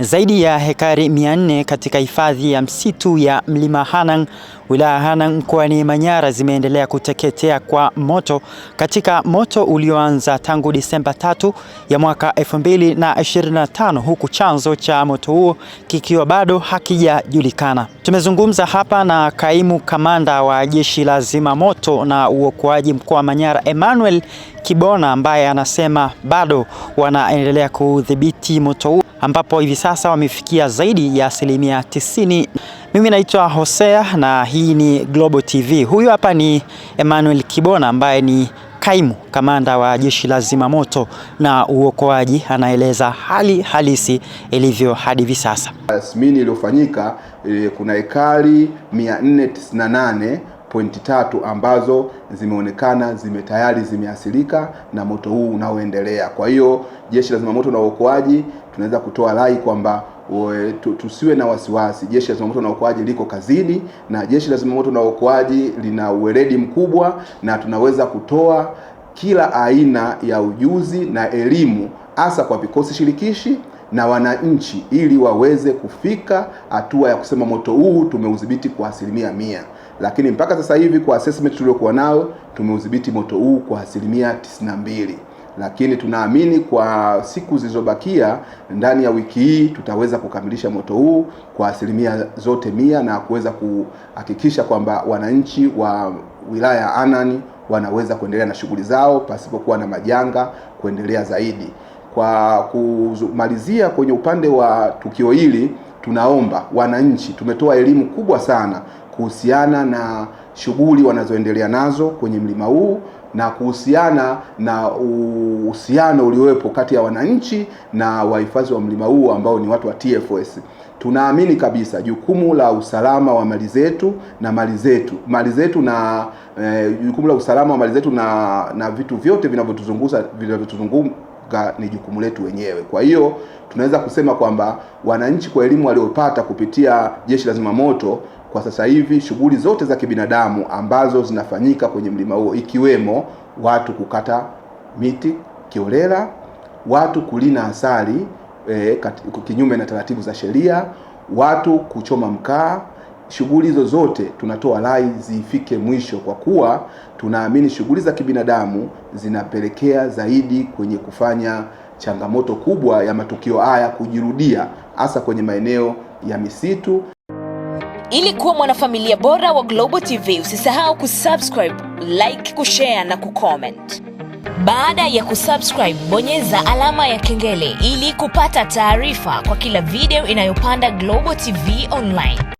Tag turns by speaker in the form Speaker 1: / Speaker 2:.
Speaker 1: zaidi ya hekari 400 katika hifadhi ya msitu ya Mlima Hanang, wilaya Hanang mkoani Manyara zimeendelea kuteketea kwa moto katika moto ulioanza tangu Disemba 3 ya mwaka 2025 huku chanzo cha moto huo kikiwa bado hakijajulikana. Tumezungumza hapa na kaimu kamanda wa jeshi la moto na uokoaji mkoa wa Manyara Emmanuel Kibona ambaye anasema bado wanaendelea kudhibiti moto huo ambapo hivi sasa wamefikia zaidi ya asilimia 90. Mimi naitwa Hosea na hii ni Global TV. Huyu hapa ni Emmanuel Kibona ambaye ni kaimu kamanda wa jeshi la zimamoto na uokoaji, anaeleza hali halisi ilivyo hadi hivi sasa.
Speaker 2: Tathmini iliyofanyika eh, kuna ekari 498 pointi tatu ambazo zimeonekana zime tayari zimeasilika na moto huu unaoendelea. Kwa hiyo Jeshi la Zimamoto na Uokoaji tunaweza kutoa rai kwamba tusiwe na wasiwasi. Jeshi la Zimamoto na Uokoaji liko kazini, na Jeshi la Zimamoto na Uokoaji lina uweledi mkubwa, na tunaweza kutoa kila aina ya ujuzi na elimu hasa kwa vikosi shirikishi na wananchi ili waweze kufika hatua ya kusema moto huu tumeudhibiti kwa asilimia mia lakini mpaka sasa hivi kwa assessment tuliokuwa nayo tumeudhibiti moto huu kwa asilimia mbili lakini tunaamini kwa siku zilizobakia ndani ya wiki hii tutaweza kukamilisha moto huu kwa asilimia zote mia na kuweza kuhakikisha kwamba wananchi wa wilaya ya Anani wanaweza kuendelea na shughuli zao pasipokuwa na majanga kuendelea zaidi. Kwa kumalizia kwenye upande wa tukio hili tunaomba wananchi, tumetoa elimu kubwa sana kuhusiana na shughuli wanazoendelea nazo kwenye mlima huu na kuhusiana na uhusiano uliowepo kati ya wananchi na wahifadhi wa mlima huu ambao ni watu wa TFS. Tunaamini kabisa jukumu la usalama wa mali zetu na mali zetu mali zetu na eh, jukumu la usalama wa mali zetu na na vitu vyote vinavyotuzunguka vinavyotuzunguka ni jukumu letu wenyewe. Kwa hiyo tunaweza kusema kwamba wananchi kwa elimu waliopata kupitia Jeshi la Zimamoto, kwa sasa hivi shughuli zote za kibinadamu ambazo zinafanyika kwenye mlima huo, ikiwemo watu kukata miti kiolela, watu kulina asali e, kinyume na taratibu za sheria, watu kuchoma mkaa shughuli zozote tunatoa rai zifike mwisho, kwa kuwa tunaamini shughuli za kibinadamu zinapelekea zaidi kwenye kufanya changamoto kubwa ya matukio haya kujirudia, hasa kwenye maeneo ya misitu. Ili kuwa mwanafamilia bora wa Global TV, usisahau kusubscribe, like, kushare na kucomment. Baada ya kusubscribe, bonyeza alama ya kengele ili kupata taarifa kwa kila video inayopanda Global TV Online.